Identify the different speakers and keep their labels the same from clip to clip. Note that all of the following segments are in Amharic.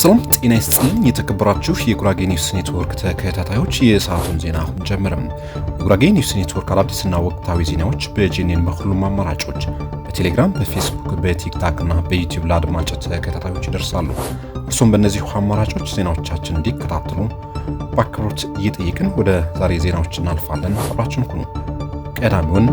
Speaker 1: ሰላም ጤና ይስጥልኝ። የተከበራችሁ የጉራጌ ኒውስ ኔትወርክ ተከታታዮች የሰዓቱን ዜና አሁን ጀምርም። የጉራጌ ኒውስ ኔትወርክ አዳዲስና ወቅታዊ ዜናዎች በጄኔን በሁሉም አማራጮች በቴሌግራም፣ በፌስቡክ፣ በቲክታክ እና በዩቲዩብ ለአድማጭ ተከታታዮች ይደርሳሉ። እርሱም በእነዚሁ አማራጮች ዜናዎቻችን እንዲከታተሉ በአክብሮት እየጠየቅን ወደ ዛሬ ዜናዎች እናልፋለን። አብራችን ሁኑ። ቀዳሚውን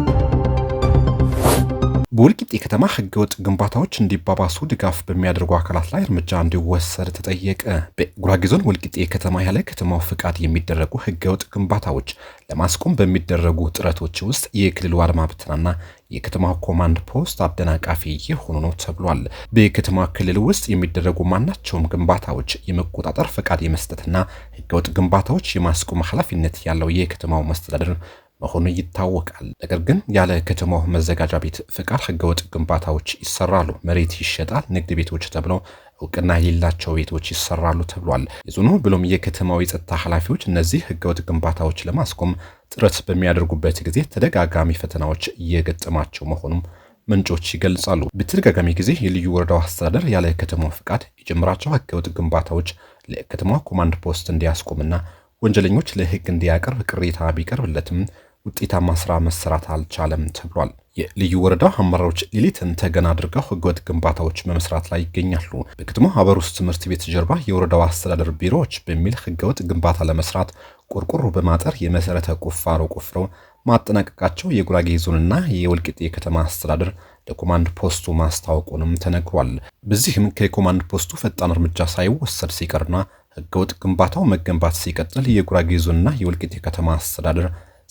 Speaker 1: በወልቂጤ ከተማ ህገወጥ ግንባታዎች እንዲባባሱ ድጋፍ በሚያደርጉ አካላት ላይ እርምጃ እንዲወሰድ ተጠየቀ። በጉራጌ ዞን ወልቂጤ ከተማ ያለ ከተማው ፍቃድ የሚደረጉ ህገወጥ ግንባታዎች ለማስቆም በሚደረጉ ጥረቶች ውስጥ የክልሉ አድማ ብትናና የከተማው ኮማንድ ፖስት አደናቃፊ የሆኑ ነው ተብሏል። በከተማ ክልል ውስጥ የሚደረጉ ማናቸውም ግንባታዎች የመቆጣጠር ፈቃድ የመስጠትና ህገወጥ ግንባታዎች የማስቆም ኃላፊነት ያለው የከተማው መስተዳደር መሆኑ ይታወቃል። ነገር ግን ያለ ከተማው መዘጋጃ ቤት ፍቃድ ህገወጥ ግንባታዎች ይሰራሉ፣ መሬት ይሸጣል፣ ንግድ ቤቶች ተብለው እውቅና የሌላቸው ቤቶች ይሰራሉ ተብሏል። የዞኑ ብሎም የከተማው የጸጥታ ኃላፊዎች እነዚህ ህገወጥ ግንባታዎች ለማስቆም ጥረት በሚያደርጉበት ጊዜ ተደጋጋሚ ፈተናዎች እየገጠማቸው መሆኑም ምንጮች ይገልጻሉ። በተደጋጋሚ ጊዜ የልዩ ወረዳው አስተዳደር ያለ ከተማው ፍቃድ የጀመራቸው ህገወጥ ግንባታዎች ለከተማ ኮማንድ ፖስት እንዲያስቆምና ወንጀለኞች ለህግ እንዲያቀርብ ቅሬታ ቢቀርብለትም ውጤታማ ስራ መሰራት አልቻለም ተብሏል። የልዩ ወረዳ አመራሮች ሌሊትን ተገን አድርገው ህገወጥ ግንባታዎች በመስራት ላይ ይገኛሉ። በከተማ ሀበር ውስጥ ትምህርት ቤት ጀርባ የወረዳው አስተዳደር ቢሮዎች በሚል ህገወጥ ግንባታ ለመስራት ቆርቆሮ በማጠር የመሰረተ ቁፋሮ ቆፍረው ማጠናቀቃቸው የጉራጌ ዞንና የወልቂጤ ከተማ አስተዳደር ለኮማንድ ፖስቱ ማስታወቁንም ተነግሯል። በዚህም ከኮማንድ ፖስቱ ፈጣን እርምጃ ሳይወሰድ ሲቀርና ህገወጥ ግንባታው መገንባት ሲቀጥል የጉራጌ ዞንና የወልቂጤ ከተማ አስተዳደር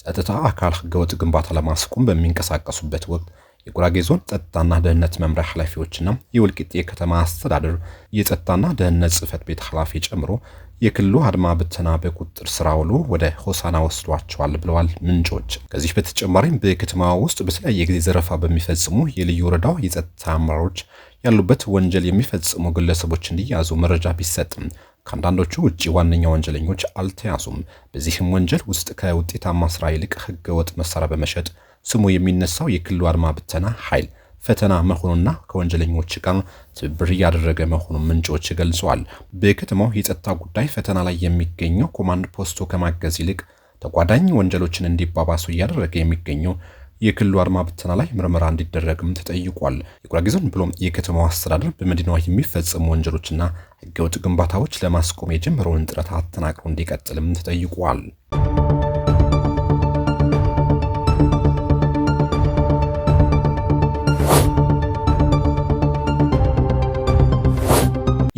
Speaker 1: ጸጥታ አካል ህገወጥ ግንባታ ለማስቆም በሚንቀሳቀሱበት ወቅት የጉራጌ ዞን ጸጥታና ደህንነት መምሪያ ኃላፊዎችና የወልቂጤ የከተማ አስተዳደር የጸጥታና ደህንነት ጽህፈት ቤት ኃላፊ ጨምሮ የክልሉ አድማ ብተና በቁጥጥር ስራ ውሎ ወደ ሆሳና ወስዷቸዋል ብለዋል ምንጮች። ከዚህ በተጨማሪም በከተማ ውስጥ በተለያየ ጊዜ ዘረፋ በሚፈጽሙ የልዩ ወረዳው የጸጥታ አመራሮች ያሉበት ወንጀል የሚፈጽሙ ግለሰቦች እንዲያዙ መረጃ ቢሰጥም ከአንዳንዶቹ ውጭ ዋነኛ ወንጀለኞች አልተያዙም። በዚህም ወንጀል ውስጥ ከውጤታማ ስራ ይልቅ ህገወጥ መሳሪያ በመሸጥ ስሙ የሚነሳው የክልሉ አድማ ብተና ኃይል ፈተና መሆኑና ከወንጀለኞች ጋር ትብብር እያደረገ መሆኑን ምንጮች ገልጸዋል። በከተማው የጸጥታ ጉዳይ ፈተና ላይ የሚገኘው ኮማንድ ፖስቱ ከማገዝ ይልቅ ተጓዳኝ ወንጀሎችን እንዲባባሱ እያደረገ የሚገኘው የክልሉ አድማ ብተና ላይ ምርመራ እንዲደረግም ተጠይቋል። የጉራጌ ዞን ብሎም የከተማው አስተዳደር በመዲናዋ የሚፈጸሙ ወንጀሎችና ህገወጥ ግንባታዎች ለማስቆም የጀመረውን ጥረት አጠናቅሮ እንዲቀጥልም ተጠይቋል።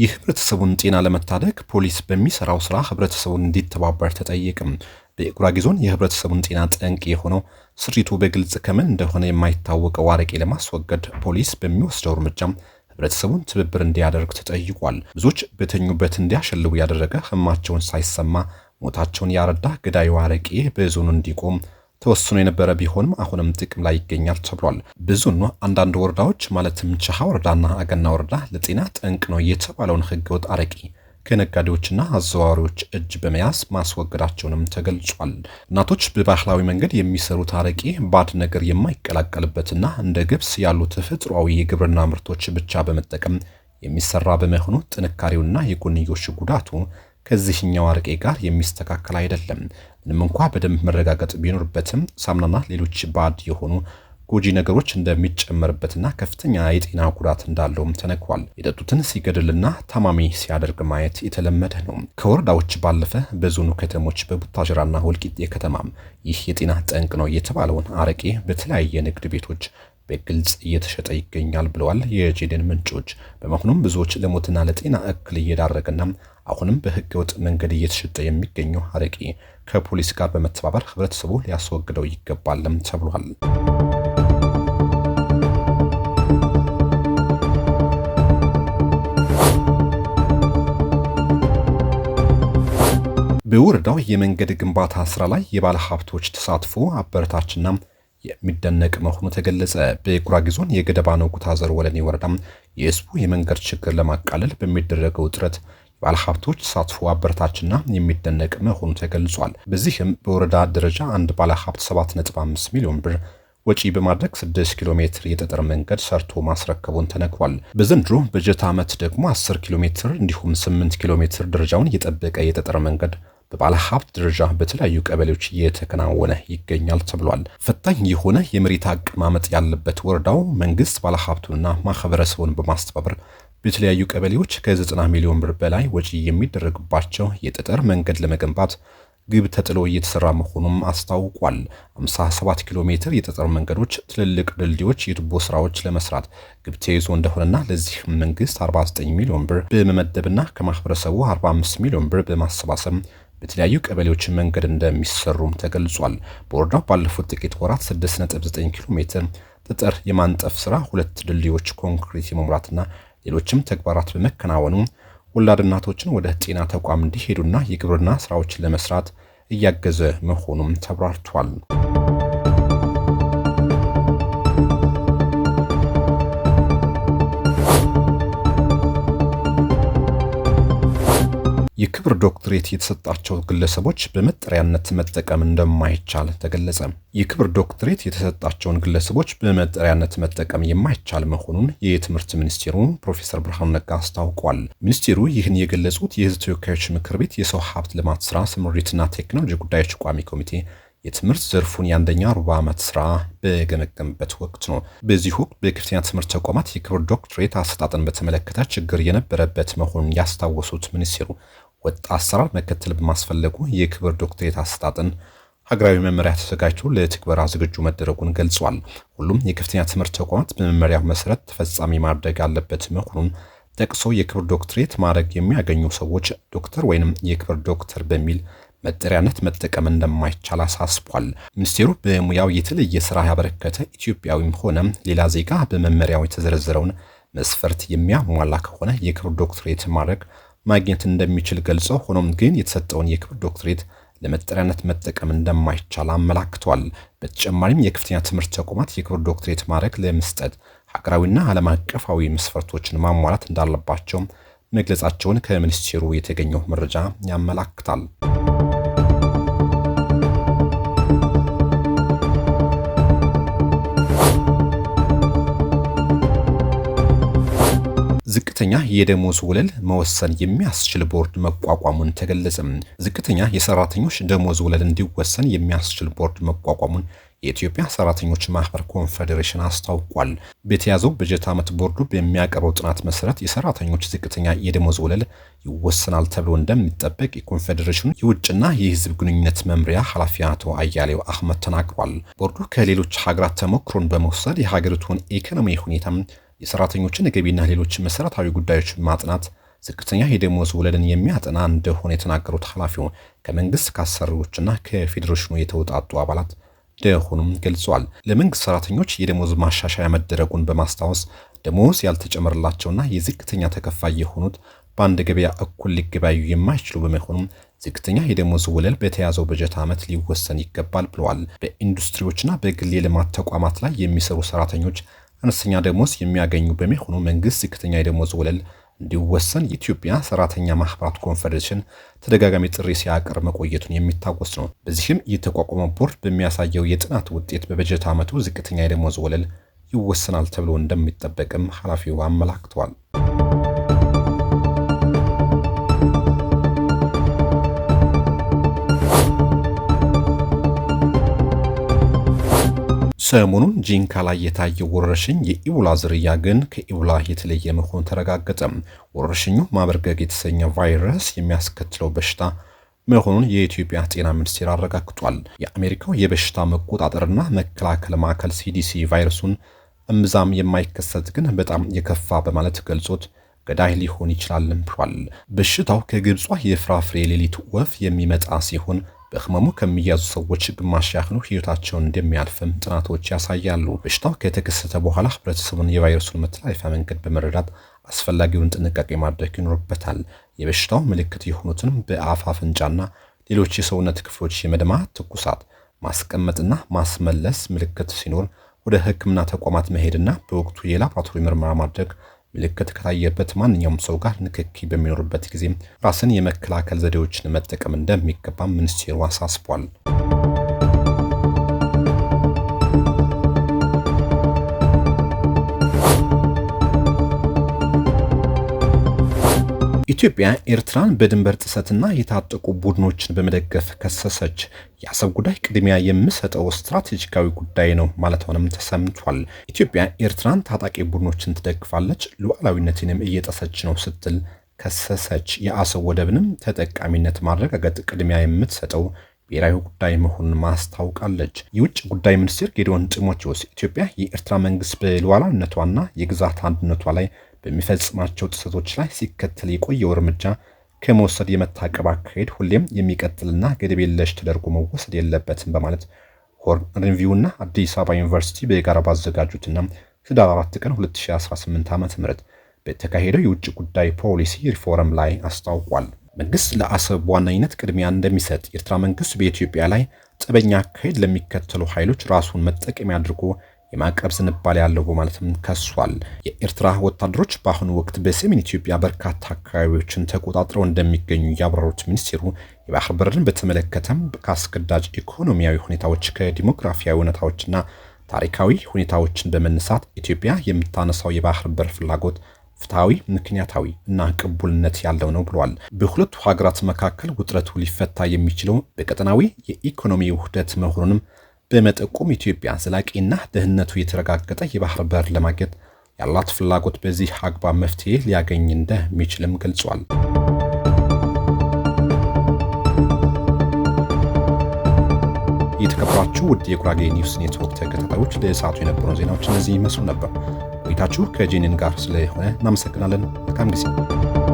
Speaker 1: የህብረተሰቡን ጤና ለመታደግ ፖሊስ በሚሰራው ስራ ህብረተሰቡን እንዲተባበር ተጠየቅም። በጉራጌ ዞን የህብረተሰቡን ጤና ጠንቅ የሆነው ስሪቱ በግልጽ ከምን እንደሆነ የማይታወቀው አረቄ ለማስወገድ ፖሊስ በሚወስደው እርምጃ ህብረተሰቡን ትብብር እንዲያደርግ ተጠይቋል። ብዙዎች በተኙበት እንዲያሸልቡ ያደረገ ህማቸውን ሳይሰማ ሞታቸውን ያረዳ ገዳዩ አረቄ በዞኑ እንዲቆም ተወስኖ የነበረ ቢሆንም አሁንም ጥቅም ላይ ይገኛል ተብሏል። ብዙኑ አንዳንድ ወረዳዎች ማለትም ቸሃ ወረዳና አገና ወረዳ ለጤና ጠንቅ ነው የተባለውን ህገወጥ አረቄ ከነጋዴዎችና አዘዋዋሪዎች እጅ በመያዝ ማስወገዳቸውንም ተገልጿል። እናቶች በባህላዊ መንገድ የሚሰሩት አረቄ ባድ ነገር የማይቀላቀልበትና እንደ ገብስ ያሉ ተፈጥሯዊ የግብርና ምርቶች ብቻ በመጠቀም የሚሰራ በመሆኑ ጥንካሬውና የጎንዮሽ ጉዳቱ ከዚህኛው አረቄ ጋር የሚስተካከል አይደለም። ምንም እንኳ በደንብ መረጋገጥ ቢኖርበትም ሳምናና ሌሎች ባድ የሆኑ ጎጂ ነገሮች እንደሚጨመርበትና ከፍተኛ የጤና ጉዳት እንዳለውም ተነግሯል። የጠጡትን ሲገድልና ታማሚ ሲያደርግ ማየት የተለመደ ነው። ከወረዳዎች ባለፈ በዞኑ ከተሞች በቡታጅራና ወልቂጤ ከተማም ይህ የጤና ጠንቅ ነው የተባለውን አረቄ በተለያየ ንግድ ቤቶች በግልጽ እየተሸጠ ይገኛል ብለዋል የጄዴን ምንጮች። በመሆኑም ብዙዎች ለሞትና ለጤና እክል እየዳረገና አሁንም በህገወጥ መንገድ እየተሸጠ የሚገኘው አረቄ ከፖሊስ ጋር በመተባበር ህብረተሰቡ ሊያስወግደው ይገባልም ተብሏል። በወረዳው የመንገድ ግንባታ ስራ ላይ የባለ ሀብቶች ተሳትፎ አበረታችና የሚደነቅ መሆኑ ተገለጸ። በጉራጌ ዞን የገደባ ነው ጉታዘር ወለኔ ወረዳ የህዝቡ የመንገድ ችግር ለማቃለል በሚደረገው ጥረት የባለ ሀብቶች ተሳትፎ አበረታችና የሚደነቅ መሆኑ ተገልጿል። በዚህም በወረዳ ደረጃ አንድ ባለ ሀብት 7.5 ሚሊዮን ብር ወጪ በማድረግ 6 ኪሎ ሜትር የጠጠር መንገድ ሰርቶ ማስረከቡን ተነግሯል። በዘንድሮ በጀት ዓመት ደግሞ 10 ኪሎ ሜትር እንዲሁም 8 ኪሎ ሜትር ደረጃውን የጠበቀ የጠጠር መንገድ በባለ ሀብት ደረጃ በተለያዩ ቀበሌዎች እየተከናወነ ይገኛል ተብሏል። ፈታኝ የሆነ የመሬት አቀማመጥ ያለበት ወረዳው መንግስት ባለሀብቱንና ማህበረሰቡን በማስተባበር በተለያዩ ቀበሌዎች ከ90 ሚሊዮን ብር በላይ ወጪ የሚደረግባቸው የጠጠር መንገድ ለመገንባት ግብ ተጥሎ እየተሰራ መሆኑም አስታውቋል። 57 ኪሎ ሜትር የጠጠር መንገዶች፣ ትልልቅ ድልድዮች፣ የቱቦ ስራዎች ለመስራት ግብ ተይዞ እንደሆነና ለዚህ መንግስት 49 ሚሊዮን ብር በመመደብና ከማህበረሰቡ 45 ሚሊዮን ብር በማሰባሰብ በተለያዩ ቀበሌዎችን መንገድ እንደሚሰሩም ተገልጿል። በወረዳው ባለፉት ጥቂት ወራት 6.9 ኪሎ ሜትር ጥጥር የማንጠፍ ስራ፣ ሁለት ድልድዮች ኮንክሪት የመሙላትና ሌሎችም ተግባራት በመከናወኑ ወላድ እናቶችን ወደ ጤና ተቋም እንዲሄዱና የግብርና ስራዎችን ለመስራት እያገዘ መሆኑም ተብራርቷል። የክብር ዶክትሬት የተሰጣቸው ግለሰቦች በመጠሪያነት መጠቀም እንደማይቻል ተገለጸ። የክብር ዶክትሬት የተሰጣቸውን ግለሰቦች በመጠሪያነት መጠቀም የማይቻል መሆኑን የትምህርት ሚኒስቴሩ ፕሮፌሰር ብርሃኑ ነጋ አስታውቋል። ሚኒስቴሩ ይህን የገለጹት የሕዝብ ተወካዮች ምክር ቤት የሰው ሀብት ልማት ስራ ስምሪትና ቴክኖሎጂ ጉዳዮች ቋሚ ኮሚቴ የትምህርት ዘርፉን የአንደኛ ሩብ ዓመት ስራ በገመገምበት ወቅት ነው። በዚህ ወቅት በከፍተኛ ትምህርት ተቋማት የክብር ዶክትሬት አሰጣጥን በተመለከተ ችግር የነበረበት መሆኑን ያስታወሱት ሚኒስቴሩ ወጥ አሰራር መከተል በማስፈለጉ የክብር ዶክትሬት አሰጣጥን ሀገራዊ መመሪያ ተዘጋጅቶ ለትግበራ ዝግጁ መደረጉን ገልጿል። ሁሉም የከፍተኛ ትምህርት ተቋማት በመመሪያው መሰረት ተፈጻሚ ማድረግ ያለበት መሆኑን ጠቅሶ የክብር ዶክትሬት ማድረግ የሚያገኙ ሰዎች ዶክተር ወይንም የክብር ዶክተር በሚል መጠሪያነት መጠቀም እንደማይቻል አሳስቧል። ሚኒስቴሩ በሙያው የተለየ ስራ ያበረከተ ኢትዮጵያዊም ሆነ ሌላ ዜጋ በመመሪያው የተዘረዘረውን መስፈርት የሚያሟላ ከሆነ የክብር ዶክትሬት ማድረግ ። ማግኘት እንደሚችል ገልጸው ሆኖም ግን የተሰጠውን የክብር ዶክትሬት ለመጠሪያነት መጠቀም እንደማይቻል አመላክቷል። በተጨማሪም የከፍተኛ ትምህርት ተቋማት የክብር ዶክትሬት ማዕረግ ለመስጠት ሀገራዊና ዓለም አቀፋዊ መስፈርቶችን ማሟላት እንዳለባቸው መግለጻቸውን ከሚኒስቴሩ የተገኘው መረጃ ያመላክታል። ዝቅተኛ የደሞዝ ወለል መወሰን የሚያስችል ቦርድ መቋቋሙን ተገለጸ። ዝቅተኛ የሰራተኞች ደሞዝ ወለል እንዲወሰን የሚያስችል ቦርድ መቋቋሙን የኢትዮጵያ ሰራተኞች ማህበር ኮንፌዴሬሽን አስታውቋል። በተያዘው በጀት ዓመት ቦርዱ በሚያቀርበው ጥናት መሰረት የሰራተኞች ዝቅተኛ የደሞዝ ወለል ይወሰናል ተብሎ እንደሚጠበቅ የኮንፌዴሬሽኑ የውጭና የህዝብ ግንኙነት መምሪያ ኃላፊ አቶ አያሌው አህመድ ተናግሯል። ቦርዱ ከሌሎች ሀገራት ተሞክሮን በመውሰድ የሀገሪቱን ኢኮኖሚ ሁኔታ የሰራተኞችን የገቢና ሌሎች መሰረታዊ ጉዳዮች ማጥናት፣ ዝቅተኛ የደሞዝ ወለልን የሚያጠና እንደሆነ የተናገሩት ኃላፊው ከመንግስት ከአሰሪዎችና ከፌዴሬሽኑ የተውጣጡ አባላት እንደሆኑም ገልጸዋል። ለመንግስት ሰራተኞች የደሞዝ ማሻሻያ መደረጉን በማስታወስ ደሞዝ ያልተጨመረላቸውና የዝቅተኛ ተከፋይ የሆኑት በአንድ ገበያ እኩል ሊገበያዩ የማይችሉ በመሆኑም ዝቅተኛ የደሞዝ ወለል በተያዘው በጀት ዓመት ሊወሰን ይገባል ብለዋል። በኢንዱስትሪዎችና በግል የልማት ተቋማት ላይ የሚሰሩ ሰራተኞች አነስተኛ ደሞዝ የሚያገኙ በሚሆኑ መንግስት ዝቅተኛ የደሞዝ ወለል እንዲወሰን የኢትዮጵያ ሰራተኛ ማህበራት ኮንፌዴሬሽን ተደጋጋሚ ጥሪ ሲያቀርብ መቆየቱን የሚታወስ ነው። በዚህም የተቋቋመው ቦርድ በሚያሳየው የጥናት ውጤት በበጀት ዓመቱ ዝቅተኛ የደሞዝ ወለል ይወሰናል ተብሎ እንደሚጠበቅም ኃላፊው አመላክተዋል። ሰሞኑን ጂንካ ላይ የታየው ወረርሽኝ የኢቦላ ዝርያ ግን ከኢቦላ የተለየ መሆኑ ተረጋገጠ። ወረርሽኙ ማበርገግ የተሰኘ ቫይረስ የሚያስከትለው በሽታ መሆኑን የኢትዮጵያ ጤና ሚኒስቴር አረጋግጧል። የአሜሪካው የበሽታ መቆጣጠርና መከላከል ማዕከል ሲዲሲ ቫይረሱን እምብዛም የማይከሰት ግን በጣም የከፋ በማለት ገልጾት ገዳይ ሊሆን ይችላልም ብሏል። በሽታው ከግብጿ የፍራፍሬ ሌሊት ወፍ የሚመጣ ሲሆን በህመሙ ከሚያዙ ሰዎች ግማሽ ያህሉ ህይወታቸውን እንደሚያልፍም ጥናቶች ያሳያሉ። በሽታው ከተከሰተ በኋላ ህብረተሰቡን የቫይረሱን መተላለፊያ መንገድ በመረዳት አስፈላጊውን ጥንቃቄ ማድረግ ይኖርበታል። የበሽታው ምልክት የሆኑትንም በአፍ አፍንጫና ሌሎች የሰውነት ክፍሎች የመድማት፣ ትኩሳት፣ ማስቀመጥና ማስመለስ ምልክት ሲኖር ወደ ህክምና ተቋማት መሄድና በወቅቱ የላቦራቶሪ ምርመራ ማድረግ ምልክት ከታየበት ማንኛውም ሰው ጋር ንክኪ በሚኖርበት ጊዜ ራስን የመከላከል ዘዴዎችን መጠቀም እንደሚገባ ሚኒስቴሩ አሳስቧል። ኢትዮጵያ ኤርትራን በድንበር ጥሰትና የታጠቁ ቡድኖችን በመደገፍ ከሰሰች። የአሰብ ጉዳይ ቅድሚያ የምሰጠው ስትራቴጂካዊ ጉዳይ ነው ማለቷንም ተሰምቷል። ኢትዮጵያ ኤርትራን ታጣቂ ቡድኖችን ትደግፋለች፣ ሉዓላዊነትንም እየጠሰች ነው ስትል ከሰሰች። የአሰብ ወደብንም ተጠቃሚነት ማረጋገጥ ቅድሚያ የምትሰጠው ብሔራዊ ጉዳይ መሆኑን ማስታውቃለች። የውጭ ጉዳይ ሚኒስትር ጌዲዮን ጢሞቴዎስ ኢትዮጵያ የኤርትራ መንግስት በሉዓላዊነቷና የግዛት አንድነቷ ላይ በሚፈጽማቸው ጥሰቶች ላይ ሲከተል የቆየው እርምጃ ከመወሰድ የመታቀብ አካሄድ ሁሌም የሚቀጥልና ገደብ የለሽ ተደርጎ መወሰድ የለበትም በማለት ሆርን ሪቪውና አዲስ አበባ ዩኒቨርሲቲ በጋራ ባዘጋጁትና ህዳር 4 ቀን 2018 ዓ.ም በተካሄደው የውጭ ጉዳይ ፖሊሲ ሪፎርም ላይ አስታውቋል። መንግስት ለአሰብ በዋነኝነት ቅድሚያ እንደሚሰጥ፣ የኤርትራ መንግስት በኢትዮጵያ ላይ ጥበኛ አካሄድ ለሚከተሉ ኃይሎች ራሱን መጠቀሚያ አድርጎ የማዕቀብ ዝንባሌ ያለው በማለትም ከሷል። የኤርትራ ወታደሮች በአሁኑ ወቅት በሰሜን ኢትዮጵያ በርካታ አካባቢዎችን ተቆጣጥረው እንደሚገኙ ያብራሩት ሚኒስቴሩ የባህር በርን በተመለከተም ከአስገዳጅ ኢኮኖሚያዊ ሁኔታዎች ከዲሞግራፊያዊ እውነታዎችና ታሪካዊ ሁኔታዎችን በመነሳት ኢትዮጵያ የምታነሳው የባህር በር ፍላጎት ፍትሐዊ፣ ምክንያታዊ እና ቅቡልነት ያለው ነው ብሏል። በሁለቱ ሀገራት መካከል ውጥረቱ ሊፈታ የሚችለው በቀጠናዊ የኢኮኖሚ ውህደት መሆኑንም በመጠቆም ኢትዮጵያ ዘላቂና ደህንነቱ የተረጋገጠ የባህር በር ለማግኘት ያላት ፍላጎት በዚህ አግባብ መፍትሄ ሊያገኝ እንደሚችልም ገልጿል። የተከበራችሁ ውድ የጉራጌ ኒውስ ኔትወርክ ተከታታዮች ለሰዓቱ የነበሩ ዜናዎች እነዚህ ይመስሉ ነበር። ቆይታችሁ ከጄኒን ጋር ስለሆነ እናመሰግናለን። መልካም ጊዜ